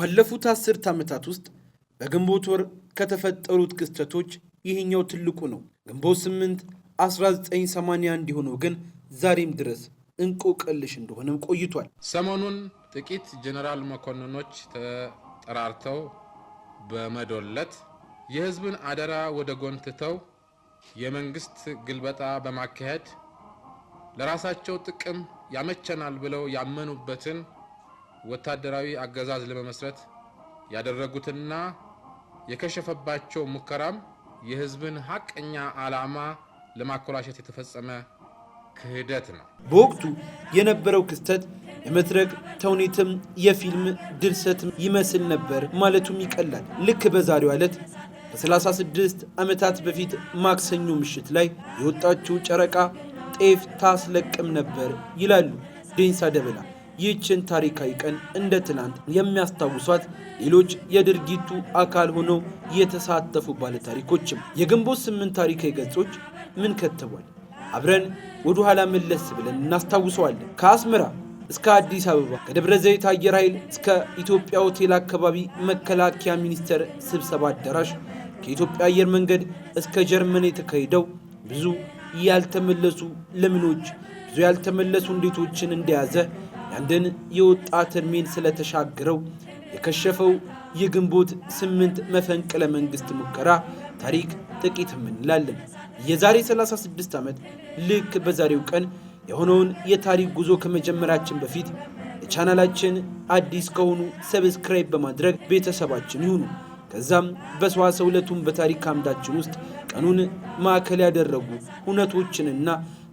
ባለፉት አስርት ዓመታት ውስጥ በግንቦት ወር ከተፈጠሩት ክስተቶች ይህኛው ትልቁ ነው። ግንቦት 8 1981 የሆነው ግን ዛሬም ድረስ እንቆቅልሽ እንደሆነም ቆይቷል። ሰሞኑን ጥቂት ጀነራል መኮንኖች ተጠራርተው በመዶለት የህዝብን አደራ ወደ ጎን ትተው የመንግስት ግልበጣ በማካሄድ ለራሳቸው ጥቅም ያመቸናል ብለው ያመኑበትን ወታደራዊ አገዛዝ ለመመስረት ያደረጉትና የከሸፈባቸው ሙከራም የህዝብን ሀቀኛ ዓላማ ለማኮላሸት የተፈጸመ ክህደት ነው። በወቅቱ የነበረው ክስተት የመድረክ ተውኔትም የፊልም ድርሰትም ይመስል ነበር ማለቱም ይቀላል። ልክ በዛሬው ዕለት ከ36 ዓመታት በፊት ማክሰኞ ምሽት ላይ የወጣችው ጨረቃ ጤፍ ታስለቅም ነበር ይላሉ ዴንሳ ደበላ። ይህችን ታሪካዊ ቀን እንደ ትናንት የሚያስታውሷት ሌሎች የድርጊቱ አካል ሆነው የተሳተፉ ባለታሪኮችም የግንቦት ስምንት ታሪካዊ ገጾች ምን ከትቧል አብረን ወደ ኋላ መለስ ብለን እናስታውሰዋለን። ከአስመራ እስከ አዲስ አበባ ከደብረ ዘይት አየር ኃይል እስከ ኢትዮጵያ ሆቴል አካባቢ መከላከያ ሚኒስቴር ስብሰባ አዳራሽ ከኢትዮጵያ አየር መንገድ እስከ ጀርመን የተካሄደው ብዙ ያልተመለሱ ለምኖች ብዙ ያልተመለሱ እንዴቶችን እንደያዘ ያንድን የወጣት ዕድሜን ስለተሻገረው የከሸፈው የግንቦት ስምንት መፈንቅለ መንግሥት ሙከራ ታሪክ ጥቂት ምንላለን። የዛሬ 36 ዓመት ልክ በዛሬው ቀን የሆነውን የታሪክ ጉዞ ከመጀመራችን በፊት ቻናላችን አዲስ ከሆኑ ሰብስክራይብ በማድረግ ቤተሰባችን ይሁኑ። ከዛም በሰዋሰው ዕለቱን በታሪክ አምዳችን ውስጥ ቀኑን ማዕከል ያደረጉ ሁነቶችንና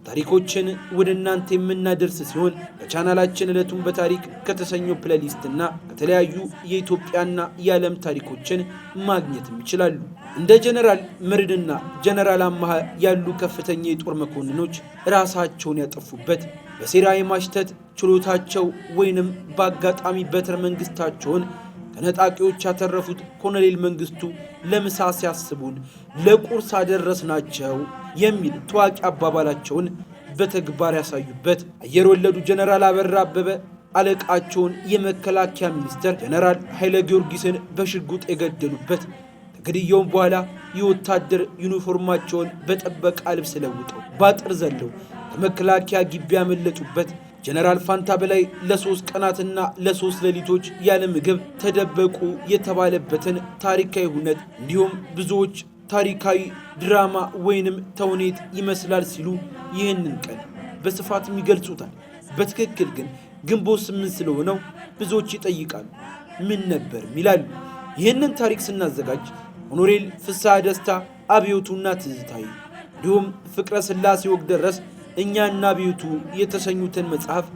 ታሪኮችን ወደ እናንተ የምናደርስ ሲሆን በቻናላችን ዕለቱን በታሪክ ከተሰኘው ፕሌሊስትና ከተለያዩ የኢትዮጵያና የዓለም ታሪኮችን ማግኘትም ይችላሉ። እንደ ጀነራል ምርድና ጀነራል አማሃ ያሉ ከፍተኛ የጦር መኮንኖች ራሳቸውን ያጠፉበት በሴራ የማሽተት ችሎታቸው ወይንም በአጋጣሚ በትረ መንግስታቸውን ከነጣቂዎች ያተረፉት ኮሎኔል መንግስቱ ለምሳ ሲያስቡን ለቁርስ አደረስናቸው የሚል ታዋቂ አባባላቸውን በተግባር ያሳዩበት አየር ወለዱ ጀነራል አበራ አበበ አለቃቸውን የመከላከያ ሚኒስተር ጀነራል ኃይለ ጊዮርጊስን በሽጉጥ የገደሉበት ከግድያውም በኋላ የወታደር ዩኒፎርማቸውን በጠበቃ ልብስ ለውጠው ባጥር ዘለው ከመከላከያ ግቢ ያመለጡበት ጀነራል ፋንታ በላይ ለሶስት ቀናትና ለሶስት ሌሊቶች ያለ ምግብ ተደበቁ የተባለበትን ታሪካዊ ሁነት እንዲሁም ብዙዎች ታሪካዊ ድራማ ወይንም ተውኔት ይመስላል ሲሉ ይህንን ቀን በስፋትም ይገልጹታል። በትክክል ግን ግንቦት ስምንት ስለሆነው ብዙዎች ይጠይቃሉ፣ ምን ነበርም ይላሉ። ይህንን ታሪክ ስናዘጋጅ ሆኖሬል ፍስሐ ደስታ፣ አብዮቱና ትዝታይ እንዲሁም ፍቅረ ስላሴ ወግደረስ እኛና ቤቱ የተሰኙትን መጽሐፍ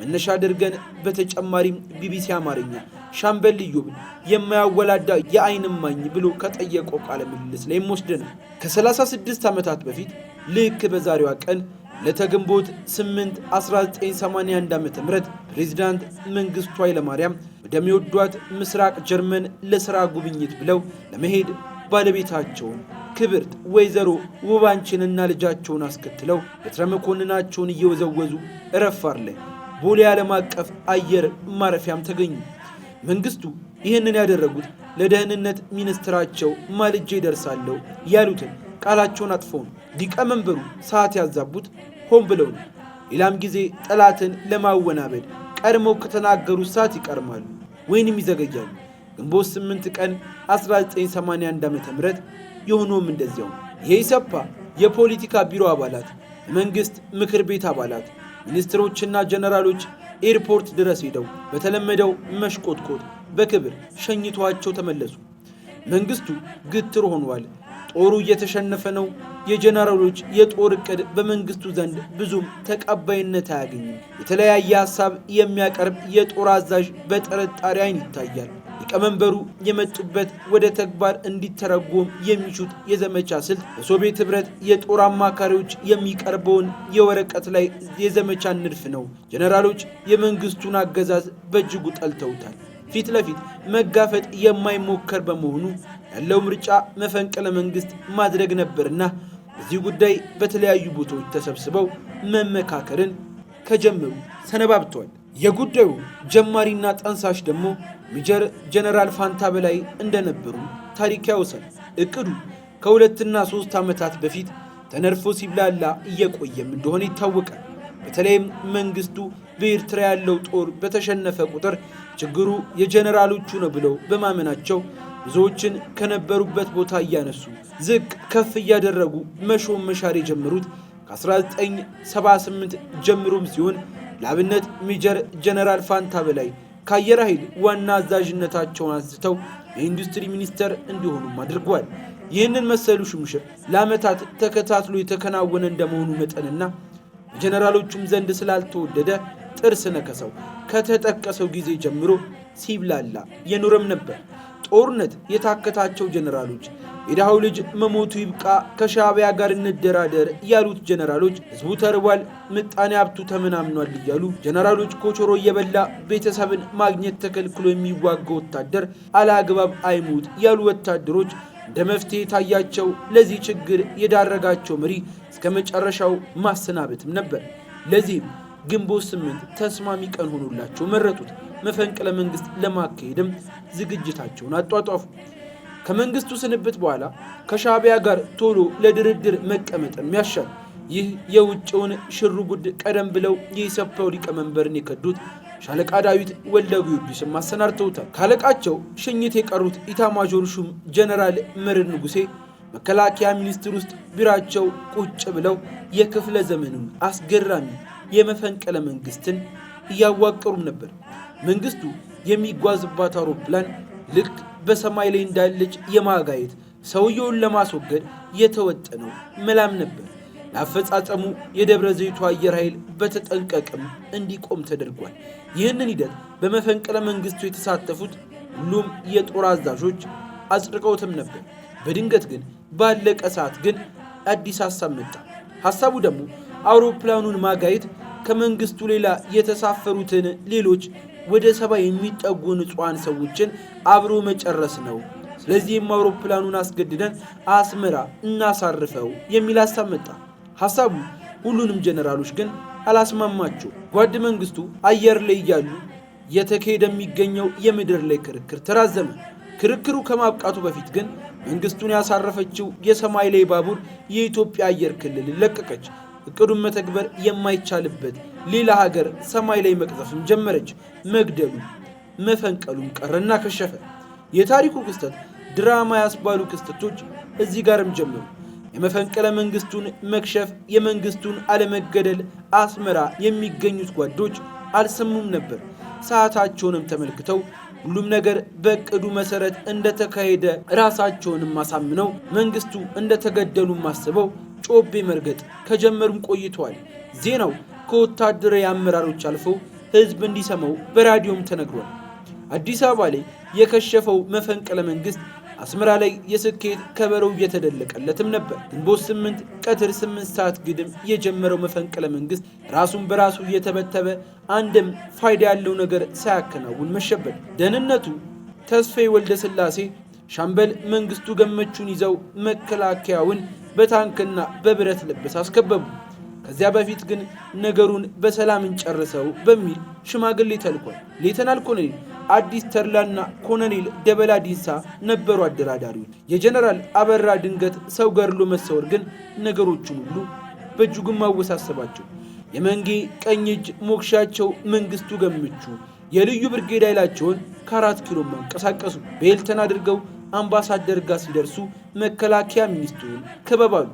መነሻ አድርገን በተጨማሪም ቢቢሲ አማርኛ ሻምበል ኢዮብን የማያወላዳ የዓይን እማኝ ብሎ ከጠየቀው ቃለ ምልልስ ላይ ወስደናል። ከ36 ዓመታት በፊት ልክ በዛሬዋ ቀን ለተግንቦት 8 1981 ዓ ም ፕሬዚዳንት መንግስቱ ኃይለማርያም ወደሚወዷት ምስራቅ ጀርመን ለሥራ ጉብኝት ብለው ለመሄድ ባለቤታቸውን ክብርት ወይዘሮ ውባንችንና ልጃቸውን አስከትለው በትረ መኮንናቸውን እየወዘወዙ ረፋር ላይ ቦሌ ዓለም አቀፍ አየር ማረፊያም ተገኙ። መንግስቱ ይህንን ያደረጉት ለደህንነት ሚኒስትራቸው ማልጄ ይደርሳለሁ ያሉትን ቃላቸውን አጥፈው ነው። ሊቀመንበሩ ሰዓት ያዛቡት ሆን ብለው ነው። ሌላም ጊዜ ጠላትን ለማወናበድ ቀድመው ከተናገሩት ሰዓት ይቀርማሉ ወይንም ይዘገያሉ። ግንቦት 8 ቀን 1981 ዓ.ም የሆነውም እንደዚያው። የኢሰፓ የፖለቲካ ቢሮ አባላት፣ የመንግስት ምክር ቤት አባላት፣ ሚኒስትሮችና ጀነራሎች ኤርፖርት ድረስ ሄደው በተለመደው መሽቆጥቆጥ በክብር ሸኝቷቸው ተመለሱ። መንግስቱ ግትር ሆኗል። ጦሩ እየተሸነፈ ነው። የጀነራሎች የጦር እቅድ በመንግስቱ ዘንድ ብዙም ተቀባይነት አያገኝም። የተለያየ ሀሳብ የሚያቀርብ የጦር አዛዥ በጥርጣሬ አይን ይታያል። ሊቀመንበሩ የመጡበት ወደ ተግባር እንዲተረጎም የሚሹት የዘመቻ ስልት በሶቪየት ህብረት የጦር አማካሪዎች የሚቀርበውን የወረቀት ላይ የዘመቻ ንድፍ ነው። ጀነራሎች የመንግስቱን አገዛዝ በእጅጉ ጠልተውታል። ፊት ለፊት መጋፈጥ የማይሞከር በመሆኑ ያለው ምርጫ መፈንቅለ መንግስት ማድረግ ነበርና በዚህ ጉዳይ በተለያዩ ቦታዎች ተሰብስበው መመካከርን ከጀመሩ ሰነባብተዋል። የጉዳዩ ጀማሪና ጠንሳሽ ደግሞ ሜጀር ጀነራል ፋንታ በላይ እንደነበሩ ታሪክ ያውሳል። እቅዱ ከሁለትና ሶስት ዓመታት በፊት ተነድፎ ሲብላላ እየቆየም እንደሆነ ይታወቃል። በተለይም መንግስቱ በኤርትራ ያለው ጦር በተሸነፈ ቁጥር ችግሩ የጀነራሎቹ ነው ብለው በማመናቸው ብዙዎችን ከነበሩበት ቦታ እያነሱ ዝቅ ከፍ እያደረጉ መሾም መሻር የጀመሩት ከ1978 ጀምሮም ሲሆን ለአብነት ሜጀር ጀነራል ፋንታ በላይ ከአየር ኃይል ዋና አዛዥነታቸውን አንስተው የኢንዱስትሪ ሚኒስተር እንዲሆኑም አድርጓል። ይህንን መሰሉ ሹምሽር ለዓመታት ተከታትሎ የተከናወነ እንደመሆኑ መጠንና በጀነራሎቹም ዘንድ ስላልተወደደ ጥርስ ነከሰው ከተጠቀሰው ጊዜ ጀምሮ ሲብላላ የኖረም ነበር። ጦርነት የታከታቸው ጀነራሎች የድሃው ልጅ መሞቱ ይብቃ፣ ከሻቢያ ጋር እንደራደር ያሉት ጀነራሎች ህዝቡ ተርቧል፣ ምጣኔ ሀብቱ ተመናምኗል እያሉ ጀነራሎች ኮቾሮ እየበላ ቤተሰብን ማግኘት ተከልክሎ የሚዋጋ ወታደር አለአግባብ አይሙት ያሉ ወታደሮች እንደ መፍትሄ ታያቸው ለዚህ ችግር የዳረጋቸው መሪ እስከ መጨረሻው ማሰናበትም ነበር። ለዚህም ግንቦት ስምንት ተስማሚ ቀን ሆኖላቸው መረጡት። መፈንቅለ መንግስት ለማካሄድም ዝግጅታቸውን አጧጧፉ። ከመንግስቱ ስንብት በኋላ ከሻቢያ ጋር ቶሎ ለድርድር መቀመጥም ያሻል። ይህ የውጭውን ሽሩ ጉድ ቀደም ብለው የኢሰፓው ሊቀመንበርን የከዱት ሻለቃ ዳዊት ወልደ ጊዮርጊስም አሰናድተውታል። ካለቃቸው ሽኝት የቀሩት ኢታማዦር ሹም ጀነራል መረድ ንጉሴ መከላከያ ሚኒስቴር ውስጥ ቢራቸው ቁጭ ብለው የክፍለ ዘመኑን አስገራሚ የመፈንቅለ መንግስትን እያዋቀሩም ነበር። መንግስቱ የሚጓዝባት አውሮፕላን ልክ በሰማይ ላይ እንዳለች የማጋየት ሰውየውን ለማስወገድ የተወጠነው መላም ነበር። ለአፈጻጸሙ የደብረ ዘይቱ አየር ኃይል በተጠንቀቅም እንዲቆም ተደርጓል። ይህንን ሂደት በመፈንቅለ መንግስቱ የተሳተፉት ሁሉም የጦር አዛዦች አጽድቀውትም ነበር። በድንገት ግን ባለቀ ሰዓት ግን አዲስ ሀሳብ መጣ። ሀሳቡ ደግሞ አውሮፕላኑን ማጋየት ከመንግስቱ ሌላ የተሳፈሩትን ሌሎች ወደ ሰባ የሚጠጉ ንጹሐን ሰዎችን አብሮ መጨረስ ነው። ስለዚህም አውሮፕላኑን አስገድደን አስመራ እናሳርፈው የሚል ሀሳብ መጣ። ሀሳቡ ሁሉንም ጀነራሎች ግን አላስማማቸው። ጓድ መንግስቱ አየር ላይ እያሉ የተካሄደ የሚገኘው የምድር ላይ ክርክር ተራዘመ። ክርክሩ ከማብቃቱ በፊት ግን መንግስቱን ያሳረፈችው የሰማይ ላይ ባቡር የኢትዮጵያ አየር ክልል ለቀቀች። እቅዱን መተግበር የማይቻልበት ሌላ ሀገር ሰማይ ላይ መቅዘፍም ጀመረች። መግደሉ መፈንቀሉም ቀረና ከሸፈ። የታሪኩ ክስተት ድራማ ያስባሉ ክስተቶች እዚህ ጋርም ጀመሩ። የመፈንቅለ መንግስቱን መክሸፍ፣ የመንግስቱን አለመገደል አስመራ የሚገኙት ጓዶች አልሰሙም ነበር። ሰዓታቸውንም ተመልክተው ሁሉም ነገር በእቅዱ መሰረት እንደተካሄደ ራሳቸውንም አሳምነው መንግስቱ እንደተገደሉም አስበው ጮቤ መርገጥ ከጀመሩም ቆይተዋል። ዜናው ከወታደራዊ አመራሮች አልፎ ህዝብ እንዲሰማው በራዲዮም ተነግሯል። አዲስ አበባ ላይ የከሸፈው መፈንቅለ መንግስት አስመራ ላይ የስኬት ከበሮ እየተደለቀለትም ነበር። ግንቦት 8 ቀትር 8 ሰዓት ግድም የጀመረው መፈንቅለ መንግስት ራሱን በራሱ እየተበተበ አንድም ፋይዳ ያለው ነገር ሳያከናውን መሸበት። ደህንነቱ ተስፋዬ ወልደ ስላሴ ሻምበል መንግስቱ ገመቹን ይዘው መከላከያውን በታንክና በብረት ልብስ አስከበቡ። ከዚያ በፊት ግን ነገሩን በሰላም እንጨርሰው በሚል ሽማግሌ ተልኳል። ሌተናል ኮሎኔል አዲስ ተርላና ኮሎኔል ደበላ ዲንሳ ነበሩ አደራዳሪዎች። የጀነራል አበራ ድንገት ሰው ገድሎ መሰወር ግን ነገሮቹን ሁሉ በእጅጉም አወሳሰባቸው። የመንጌ ቀኝ እጅ ሞክሻቸው መንግስቱ ገምቹ የልዩ ብርጌድ ኃይላቸውን ከአራት ኪሎ ማንቀሳቀሱ በኤልተን አድርገው አምባሳደር ጋር ሲደርሱ መከላከያ ሚኒስትሩን ከበባሉ።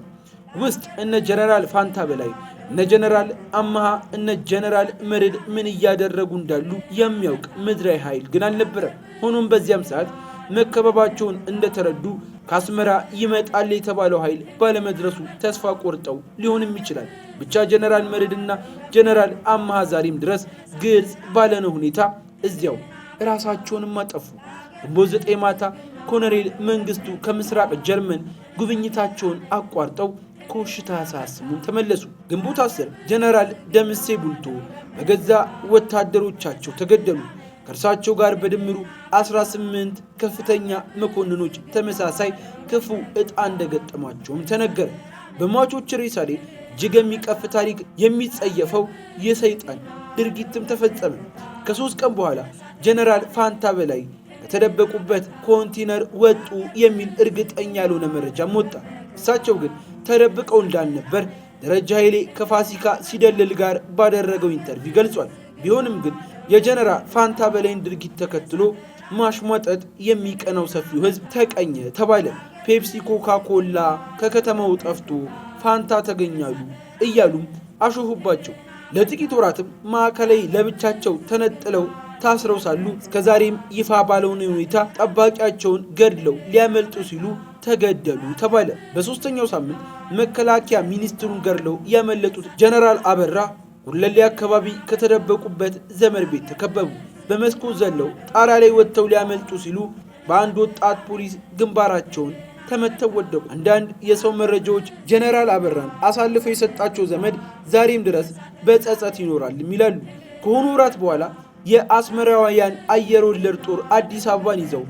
ውስጥ እነ ጀነራል ፋንታ በላይ እነ ጀነራል አመሃ እነ ጀነራል መርዕድ ምን እያደረጉ እንዳሉ የሚያውቅ ምድራዊ ኃይል ግን አልነበረም። ሆኖም በዚያም ሰዓት መከበባቸውን እንደተረዱ ከአስመራ ይመጣል የተባለው ኃይል ባለመድረሱ ተስፋ ቆርጠው ሊሆንም ይችላል። ብቻ ጀነራል መርድና ጀነራል አመሃ ዛሬም ድረስ ግልጽ ባለነ ሁኔታ እዚያው ራሳቸውንም አጠፉ። ግንቦት ዘጠኝ ማታ ኮሎኔል መንግስቱ ከምስራቅ ጀርመን ጉብኝታቸውን አቋርጠው ኮሽታ ሳያሰሙን ተመለሱ። ግንቦት 10 ጀነራል ደምሴ ቡልቶ በገዛ ወታደሮቻቸው ተገደሉ። ከእርሳቸው ጋር በድምሩ 18 ከፍተኛ መኮንኖች ተመሳሳይ ክፉ ዕጣ እንደገጠማቸውም ተነገረ። በሟቾች ሬሳ ላይ እጅግ የሚቀፍ ታሪክ የሚጸየፈው የሰይጣን ድርጊትም ተፈጸመ። ከሶስት ቀን በኋላ ጀነራል ፋንታ በላይ ከተደበቁበት ኮንቲነር ወጡ የሚል እርግጠኛ ያልሆነ መረጃም ወጣ። እሳቸው ግን ተደብቀው እንዳልነበር ደረጃ ኃይሌ ከፋሲካ ሲደልል ጋር ባደረገው ኢንተርቪው ገልጿል። ቢሆንም ግን የጀነራል ፋንታ በላይን ድርጊት ተከትሎ ማሽሟጠጥ የሚቀናው ሰፊው ሕዝብ ተቀኘ ተባለ። ፔፕሲ፣ ኮካ ኮላ ከከተማው ጠፍቶ ፋንታ ተገኛሉ እያሉም አሾፉባቸው። ለጥቂት ወራትም ማዕከላዊ ለብቻቸው ተነጥለው ታስረው ሳሉ እስከዛሬም ይፋ ባልሆነ ሁኔታ ጠባቂያቸውን ገድለው ሊያመልጡ ሲሉ ተገደሉ ተባለ። በሶስተኛው ሳምንት መከላከያ ሚኒስትሩን ገድለው ያመለጡት ጀነራል አበራ ጉለሌ አካባቢ ከተደበቁበት ዘመድ ቤት ተከበቡ። በመስኮት ዘለው ጣሪያ ላይ ወጥተው ሊያመልጡ ሲሉ በአንድ ወጣት ፖሊስ ግንባራቸውን ተመተው ወደቁ። አንዳንድ የሰው መረጃዎች ጀነራል አበራን አሳልፈው የሰጣቸው ዘመድ ዛሬም ድረስ በጸጸት ይኖራል ይላሉ። ከሆኑ ወራት በኋላ የአስመራውያን አየር ወለድ ጦር አዲስ አበባን ይዘው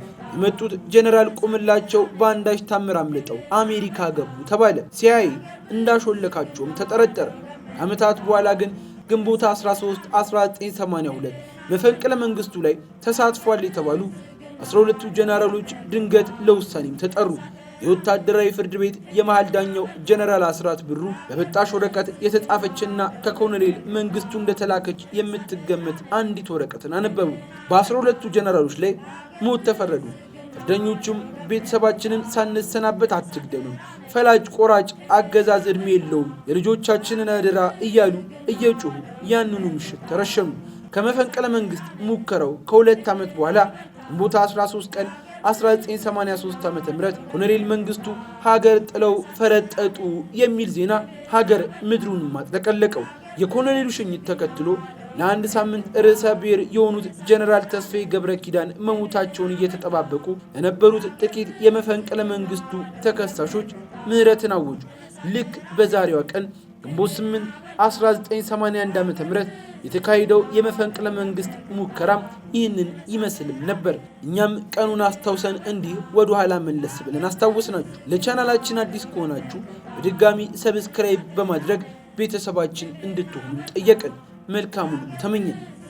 መጡት ጀነራል ቆምላቸው በአንዳች ታምር አምልጠው አሜሪካ ገቡ ተባለ። ሲያይ እንዳሾለካቸውም ተጠረጠረ። ከዓመታት በኋላ ግን ግንቦት 13 1982 መፈንቅለ መንግስቱ ላይ ተሳትፏል የተባሉ 12ቱ ጀነራሎች ድንገት ለውሳኔም ተጠሩ። የወታደራዊ ፍርድ ቤት የመሃል ዳኛው ጀነራል አስራት ብሩ በብጣሽ ወረቀት የተጻፈችና ከኮሎኔል መንግስቱ እንደተላከች የምትገመት አንዲት ወረቀትን አነበቡ። በአስራ ሁለቱ ጀነራሎች ላይ ሞት ተፈረዱ። ፍርደኞቹም ቤተሰባችንን ሳንሰናበት አትግደሉም፣ ፈላጭ ቆራጭ አገዛዝ ዕድሜ የለውም፣ የልጆቻችንን አደራ እያሉ እየጩሁ ያንኑ ምሽት ተረሸኑ። ከመፈንቅለ መንግስት ሙከራው ከሁለት ዓመት በኋላ ግንቦት 13 ቀን 1983 ዓ.ም ኮሎኔል መንግስቱ ሀገር ጥለው ፈረጠጡ የሚል ዜና ሀገር ምድሩን ማጥለቀለቀው። የኮሎኔሉ ሽኝት ተከትሎ ለአንድ ሳምንት ርዕሰ ብሔር የሆኑት ጀኔራል ተስፋዬ ገብረ ኪዳን መሞታቸውን እየተጠባበቁ የነበሩት ጥቂት የመፈንቅለ መንግስቱ ተከሳሾች ምህረትን አወጁ። ልክ በዛሬዋ ቀን ግንቦት 8 1981 ዓ.ም የተካሄደው የመፈንቅለ መንግስት ሙከራ ይህንን ይመስልም ነበር። እኛም ቀኑን አስታውሰን እንዲህ ወደ ኋላ መለስ ብለን አስታውስ ናችሁ ለቻናላችን አዲስ ከሆናችሁ በድጋሚ ሰብስክራይብ በማድረግ ቤተሰባችን እንድትሆኑ ጠየቅን። መልካሙን ተመኘን።